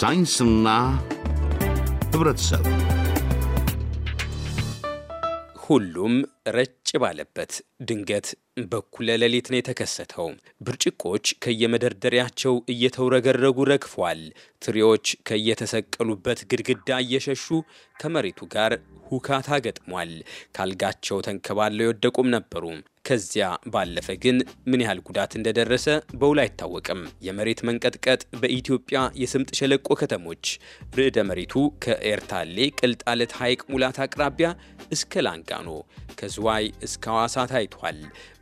ሳይንስና ህብረተሰብ ሁሉም ረጭ ባለበት ድንገት በኩለ ሌሊት ነው የተከሰተው። ብርጭቆች ከየመደርደሪያቸው እየተውረገረጉ ረግፏል። ትሪዎች ከየተሰቀሉበት ግድግዳ እየሸሹ ከመሬቱ ጋር ሁካታ ገጥሟል። ካልጋቸው ተንከባለው የወደቁም ነበሩ። ከዚያ ባለፈ ግን ምን ያህል ጉዳት እንደደረሰ በውል አይታወቅም። የመሬት መንቀጥቀጥ በኢትዮጵያ የስምጥ ሸለቆ ከተሞች ርዕደ መሬቱ ከኤርታሌ ቅልጣለት ሐይቅ ሙላት አቅራቢያ እስከ ላንጋኖ ከዝዋይ እስከ ሐዋሳ ታይቷል።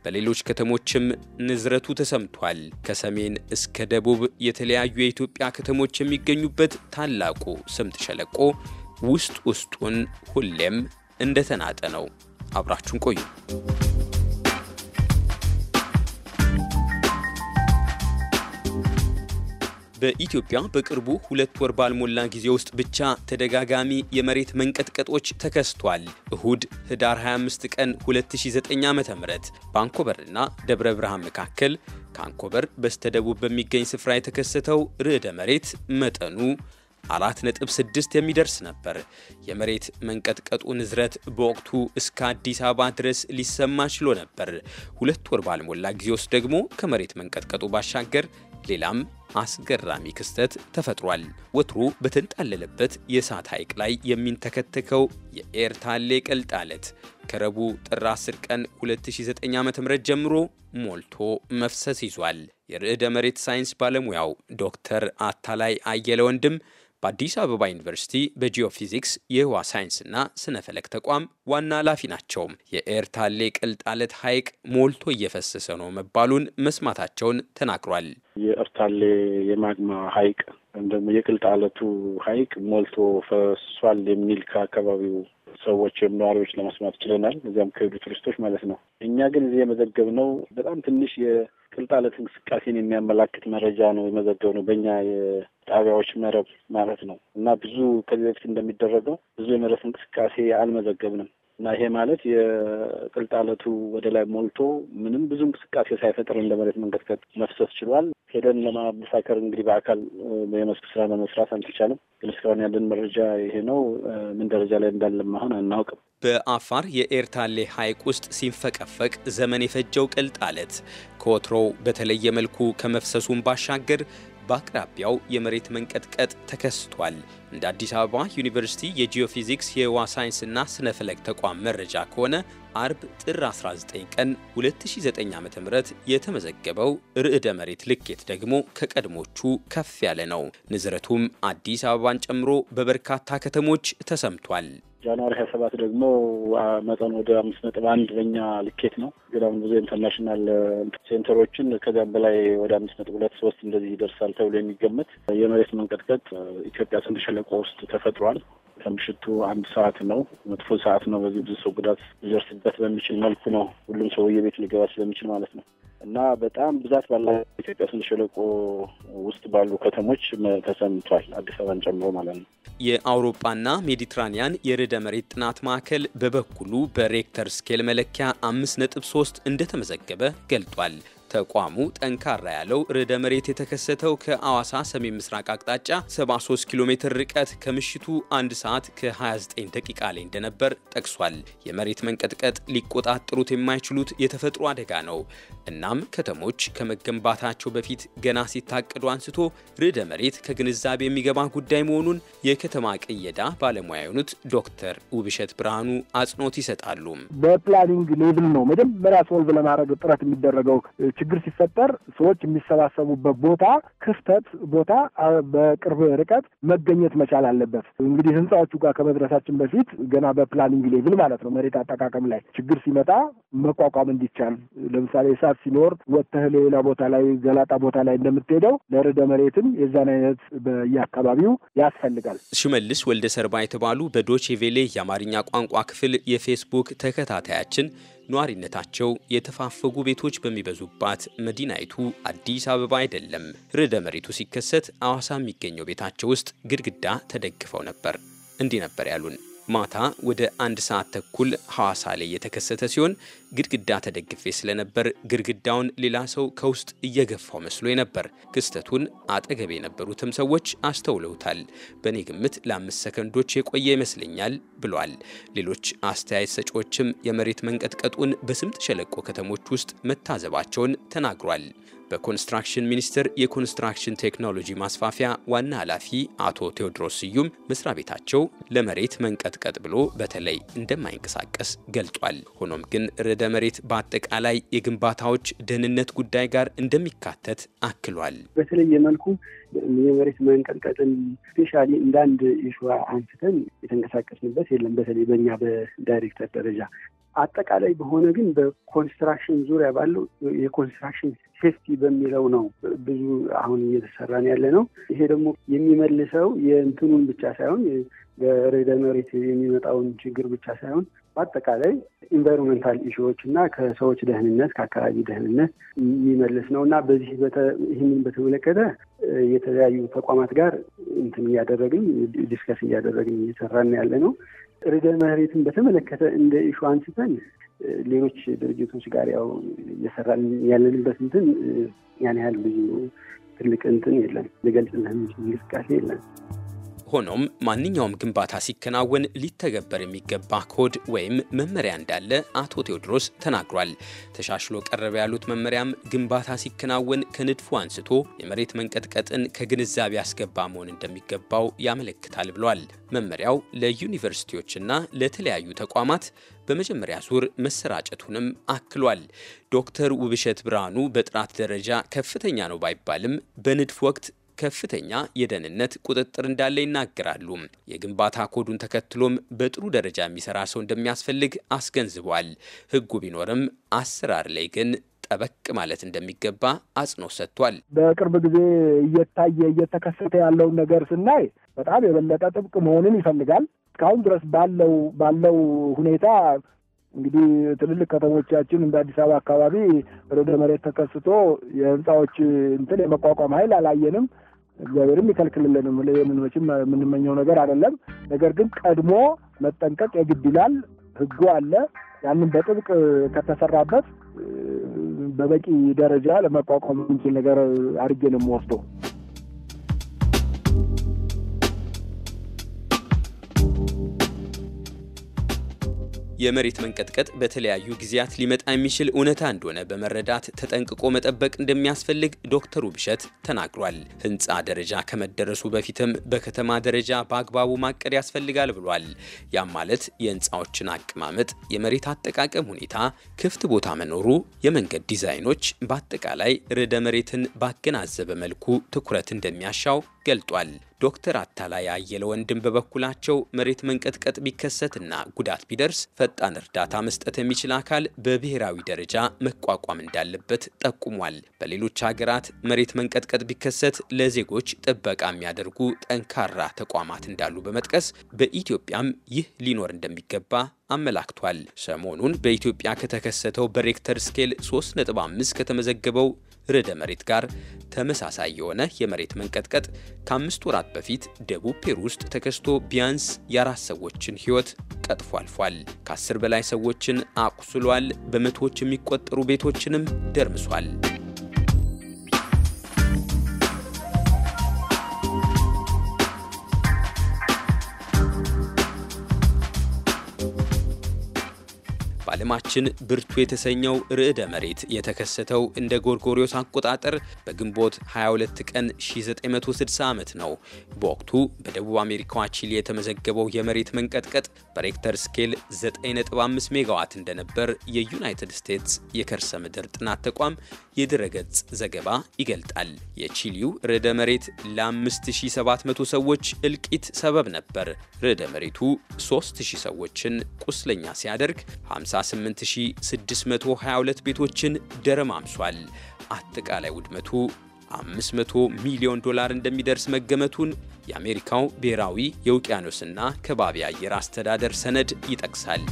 በሌሎች ከተሞችም ንዝረቱ ተሰምቷል። ከሰሜን እስከ ደቡብ የተለያዩ የኢትዮጵያ ከተሞች የሚገኙበት ታላቁ ስምጥ ሸለቆ ውስጥ ውስጡን ሁሌም እንደተናጠ ነው። አብራችሁን ቆዩ። በኢትዮጵያ በቅርቡ ሁለት ወር ባልሞላ ጊዜ ውስጥ ብቻ ተደጋጋሚ የመሬት መንቀጥቀጦች ተከስቷል። እሁድ ህዳር 25 ቀን 2009 ዓ ም ባንኮበርና ደብረ ብርሃን መካከል ከአንኮበር በስተደቡብ በሚገኝ ስፍራ የተከሰተው ርዕደ መሬት መጠኑ 4.6 የሚደርስ ነበር። የመሬት መንቀጥቀጡ ንዝረት በወቅቱ እስከ አዲስ አበባ ድረስ ሊሰማ ችሎ ነበር። ሁለት ወር ባልሞላ ጊዜ ውስጥ ደግሞ ከመሬት መንቀጥቀጡ ባሻገር ሌላም አስገራሚ ክስተት ተፈጥሯል። ወትሮ በተንጣለለበት የእሳት ሐይቅ ላይ የሚንተከተከው የኤርታሌ ቅልጥ አለት ከረቡዕ ጥር 10 ቀን 2009 ዓ.ም ጀምሮ ሞልቶ መፍሰስ ይዟል። የርዕደ መሬት ሳይንስ ባለሙያው ዶክተር አታላይ አየለ ወንድም በአዲስ አበባ ዩኒቨርሲቲ በጂኦፊዚክስ የህዋ ሳይንስና ስነ ፈለክ ተቋም ዋና ኃላፊ ናቸው። የኤርታሌ ቅልጣለት ሐይቅ ሞልቶ እየፈሰሰ ነው መባሉን መስማታቸውን ተናግሯል። የኤርታሌ የማግማ ሐይቅ ወይም የቅልጣለቱ ሐይቅ ሞልቶ ፈሷል የሚል ከአካባቢው ሰዎች ወይም ነዋሪዎች ለመስማት ችለናል። እዚያም ከሄዱ ቱሪስቶች ማለት ነው። እኛ ግን እዚህ የመዘገብ ነው በጣም ትንሽ ቅልጥ አለት እንቅስቃሴን የሚያመላክት መረጃ ነው የመዘገብ ነው በእኛ የጣቢያዎች መረብ ማለት ነው። እና ብዙ ከዚህ በፊት እንደሚደረገው ብዙ የመረስ እንቅስቃሴ አልመዘገብንም። እና ይሄ ማለት የቅልጣለቱ ወደ ላይ ሞልቶ ምንም ብዙ እንቅስቃሴ ሳይፈጥር እንደ መሬት መንቀጥቀጥ መፍሰስ ችሏል። ሄደን ለማመሳከር እንግዲህ በአካል የመስክ ስራ ለመስራት አልተቻለም። ግን እስካሁን ያለን መረጃ ይሄ ነው። ምን ደረጃ ላይ እንዳለም አሁን አናውቅም። በአፋር የኤርታሌ ሐይቅ ውስጥ ሲንፈቀፈቅ ዘመን የፈጀው ቅልጣለት ከወትሮው በተለየ መልኩ ከመፍሰሱን ባሻገር በአቅራቢያው የመሬት መንቀጥቀጥ ተከስቷል። እንደ አዲስ አበባ ዩኒቨርሲቲ የጂኦፊዚክስ የህዋ ሳይንስና ስነ ፈለክ ተቋም መረጃ ከሆነ አርብ ጥር 19 ቀን 2009 ዓ.ም የተመዘገበው ርዕደ መሬት ልኬት ደግሞ ከቀድሞቹ ከፍ ያለ ነው። ንዝረቱም አዲስ አበባን ጨምሮ በበርካታ ከተሞች ተሰምቷል። ጃንዋሪ ሀያ ሰባት ደግሞ መጠኑ ወደ አምስት ነጥብ አንድ በኛ ልኬት ነው። ግን አሁን ብዙ ኢንተርናሽናል ሴንተሮችን ከዚያም በላይ ወደ አምስት ነጥብ ሁለት ሶስት እንደዚህ ይደርሳል ተብሎ የሚገመት የመሬት መንቀጥቀጥ ኢትዮጵያ ስምጥ ሸለቆ ውስጥ ተፈጥሯል። ከምሽቱ አንድ ሰዓት ነው። መጥፎ ሰዓት ነው። በዚህ ብዙ ሰው ጉዳት ሊደርስበት በሚችል መልኩ ነው። ሁሉም ሰው የቤት ሊገባ ስለሚችል ማለት ነው። እና በጣም ብዛት ባላ ኢትዮጵያ ስንት ሸለቆ ውስጥ ባሉ ከተሞች ተሰምቷል፣ አዲስ አበባን ጨምሮ ማለት ነው። የአውሮፓና ሜዲትራኒያን የርዕደ መሬት ጥናት ማዕከል በበኩሉ በሬክተር ስኬል መለኪያ አምስት ነጥብ ሶስት እንደተመዘገበ ገልጧል። ተቋሙ ጠንካራ ያለው ርዕደ መሬት የተከሰተው ከአዋሳ ሰሜን ምስራቅ አቅጣጫ 73 ኪሎ ሜትር ርቀት ከምሽቱ 1 ሰዓት ከ29 ደቂቃ ላይ እንደነበር ጠቅሷል። የመሬት መንቀጥቀጥ ሊቆጣጠሩት የማይችሉት የተፈጥሮ አደጋ ነው። እናም ከተሞች ከመገንባታቸው በፊት ገና ሲታቀዱ አንስቶ ርዕደ መሬት ከግንዛቤ የሚገባ ጉዳይ መሆኑን የከተማ ቅየዳ ባለሙያ የሆኑት ዶክተር ውብሸት ብርሃኑ አጽንኦት ይሰጣሉ። በፕላኒንግ ሌቭል ነው መጀመሪያ ሶልቭ ለማድረግ ጥረት የሚደረገው ችግር ሲፈጠር ሰዎች የሚሰባሰቡበት ቦታ ክፍተት ቦታ በቅርብ ርቀት መገኘት መቻል አለበት። እንግዲህ ህንፃዎቹ ጋር ከመድረሳችን በፊት ገና በፕላኒንግ ሌቭል ማለት ነው መሬት አጠቃቀም ላይ ችግር ሲመጣ መቋቋም እንዲቻል ለምሳሌ እሳት ሲኖር ወጥተህ ሌላ ቦታ ላይ ገላጣ ቦታ ላይ እንደምትሄደው ለርዕደ መሬትም የዛን አይነት በየአካባቢው ያስፈልጋል። ሽመልስ ወልደ ሰርባ የተባሉ በዶቼ ቬሌ የአማርኛ ቋንቋ ክፍል የፌስቡክ ተከታታያችን ነዋሪነታቸው የተፋፈጉ ቤቶች በሚበዙባት መዲናይቱ አዲስ አበባ አይደለም ርዕደ መሬቱ ሲከሰት አዋሳ የሚገኘው ቤታቸው ውስጥ ግድግዳ ተደግፈው ነበር። እንዲህ ነበር ያሉን። ማታ ወደ አንድ ሰዓት ተኩል ሐዋሳ ላይ የተከሰተ ሲሆን ግድግዳ ተደግፌ ስለነበር ግድግዳውን ሌላ ሰው ከውስጥ እየገፋው መስሎ ነበር። ክስተቱን አጠገብ የነበሩትም ሰዎች አስተውለውታል። በእኔ ግምት ለአምስት ሰከንዶች የቆየ ይመስለኛል ብሏል። ሌሎች አስተያየት ሰጪዎችም የመሬት መንቀጥቀጡን በስምጥ ሸለቆ ከተሞች ውስጥ መታዘባቸውን ተናግሯል። በኮንስትራክሽን ሚኒስቴር የኮንስትራክሽን ቴክኖሎጂ ማስፋፊያ ዋና ኃላፊ አቶ ቴዎድሮስ ስዩም መስሪያ ቤታቸው ለመሬት መንቀጥቀጥ ብሎ በተለይ እንደማይንቀሳቀስ ገልጧል። ሆኖም ግን ርዕደ መሬት በአጠቃላይ የግንባታዎች ደህንነት ጉዳይ ጋር እንደሚካተት አክሏል። በተለየ መልኩ የመሬት መንቀጥቀጥን ስፔሻሊ እንዳንድ ሹዋ አንስተን የተንቀሳቀስንበት የለም። በተለይ በእኛ በዳይሬክተር ደረጃ አጠቃላይ በሆነ ግን በኮንስትራክሽን ዙሪያ ባለው የኮንስትራክሽን ሴፍቲ በሚለው ነው ብዙ አሁን ነው ያለ ነው። ይሄ ደግሞ የሚመልሰው የእንትኑን ብቻ ሳይሆን በርዕደ መሬት የሚመጣውን ችግር ብቻ ሳይሆን በአጠቃላይ ኢንቫይሮንመንታል ኢሹዎች እና ከሰዎች ደህንነት ከአካባቢ ደህንነት የሚመልስ ነው እና በዚህ ይህንን በተመለከተ የተለያዩ ተቋማት ጋር እንትን እያደረግን ዲስከስ እያደረግን እየሰራን ያለ ነው። ርዕደ መሬትን በተመለከተ እንደ ኢሹ አንስተን ሌሎች ድርጅቶች ጋር ያው እየሰራን ያለንበት እንትን ያን ያህል ብዙ ትልቅ እንትን የለም፣ ልገልጽልህ እንቅስቃሴ የለም። ሆኖም ማንኛውም ግንባታ ሲከናወን ሊተገበር የሚገባ ኮድ ወይም መመሪያ እንዳለ አቶ ቴዎድሮስ ተናግሯል። ተሻሽሎ ቀረበ ያሉት መመሪያም ግንባታ ሲከናወን ከንድፉ አንስቶ የመሬት መንቀጥቀጥን ከግንዛቤ ያስገባ መሆን እንደሚገባው ያመለክታል ብሏል። መመሪያው ለዩኒቨርሲቲዎችና ለተለያዩ ተቋማት በመጀመሪያ ዙር መሰራጨቱንም አክሏል። ዶክተር ውብሸት ብርሃኑ በጥራት ደረጃ ከፍተኛ ነው ባይባልም በንድፍ ወቅት ከፍተኛ የደህንነት ቁጥጥር እንዳለ ይናገራሉ። የግንባታ ኮዱን ተከትሎም በጥሩ ደረጃ የሚሰራ ሰው እንደሚያስፈልግ አስገንዝቧል። ህጉ ቢኖርም አሰራር ላይ ግን ጠበቅ ማለት እንደሚገባ አጽንኦት ሰጥቷል። በቅርብ ጊዜ እየታየ እየተከሰተ ያለውን ነገር ስናይ በጣም የበለጠ ጥብቅ መሆንን ይፈልጋል። እስካሁን ድረስ ባለው ባለው ሁኔታ እንግዲህ ትልልቅ ከተሞቻችን እንደ አዲስ አበባ አካባቢ ወደ መሬት ተከስቶ የህንፃዎች እንትን የመቋቋም ኃይል አላየንም። እግዚአብሔርም ይከልክልልንም ለምን መቼም የምንመኘው ነገር አይደለም። ነገር ግን ቀድሞ መጠንቀቅ የግድ ይላል። ሕጉ አለ። ያንን በጥብቅ ከተሰራበት በበቂ ደረጃ ለመቋቋም የሚችል ነገር አድርጌ ነው የምወስደው። የመሬት መንቀጥቀጥ በተለያዩ ጊዜያት ሊመጣ የሚችል እውነታ እንደሆነ በመረዳት ተጠንቅቆ መጠበቅ እንደሚያስፈልግ ዶክተሩ ብሸት ተናግሯል። ህንፃ ደረጃ ከመደረሱ በፊትም በከተማ ደረጃ በአግባቡ ማቀድ ያስፈልጋል ብሏል። ያም ማለት የህንፃዎችን አቀማመጥ፣ የመሬት አጠቃቀም ሁኔታ፣ ክፍት ቦታ መኖሩ፣ የመንገድ ዲዛይኖች፣ በአጠቃላይ ርዕደ መሬትን ባገናዘበ መልኩ ትኩረት እንደሚያሻው ገልጧል። ዶክተር አታላይ አየለ ወንድም በበኩላቸው መሬት መንቀጥቀጥ ቢከሰትና ጉዳት ቢደርስ ፈጣን እርዳታ መስጠት የሚችል አካል በብሔራዊ ደረጃ መቋቋም እንዳለበት ጠቁሟል። በሌሎች ሀገራት መሬት መንቀጥቀጥ ቢከሰት ለዜጎች ጥበቃ የሚያደርጉ ጠንካራ ተቋማት እንዳሉ በመጥቀስ በኢትዮጵያም ይህ ሊኖር እንደሚገባ አመላክቷል። ሰሞኑን በኢትዮጵያ ከተከሰተው በሬክተር ስኬል 3.5 ከተመዘገበው ርዕደ መሬት ጋር ተመሳሳይ የሆነ የመሬት መንቀጥቀጥ ከአምስት ወራት በፊት ደቡብ ፔሩ ውስጥ ተከስቶ ቢያንስ የአራት ሰዎችን ሕይወት ቀጥፎ አልፏል። ከአስር በላይ ሰዎችን አቁስሏል። በመቶዎች የሚቆጠሩ ቤቶችንም ደርምሷል። በዓለማችን ብርቱ የተሰኘው ርዕደ መሬት የተከሰተው እንደ ጎርጎሪዮስ አቆጣጠር በግንቦት 22 ቀን 1960 ዓመት ነው። በወቅቱ በደቡብ አሜሪካዋ ቺሊ የተመዘገበው የመሬት መንቀጥቀጥ በሬክተር ስኬል 9.5 ሜጋዋት እንደነበር የዩናይትድ ስቴትስ የከርሰ ምድር ጥናት ተቋም የድረገጽ ዘገባ ይገልጣል። የቺሊው ርዕደ መሬት ለ5700 ሰዎች እልቂት ሰበብ ነበር። ርዕደ መሬቱ 3000 ሰዎችን ቁስለኛ ሲያደርግ 58 28622 ቤቶችን ደረማምሷል። አጠቃላይ ውድመቱ 500 ሚሊዮን ዶላር እንደሚደርስ መገመቱን የአሜሪካው ብሔራዊ የውቅያኖስና ከባቢ አየር አስተዳደር ሰነድ ይጠቅሳል።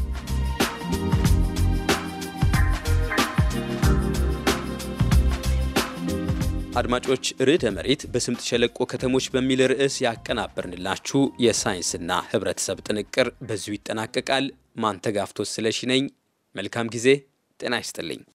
አድማጮች ርዕደ መሬት በስምጥ ሸለቆ ከተሞች በሚል ርዕስ ያቀናበርንላችሁ የሳይንስና ሕብረተሰብ ጥንቅር በዚሁ ይጠናቀቃል። ማንተጋፍቶት ስለሺ ነኝ። መልካም ጊዜ። ጤና ይስጥልኝ።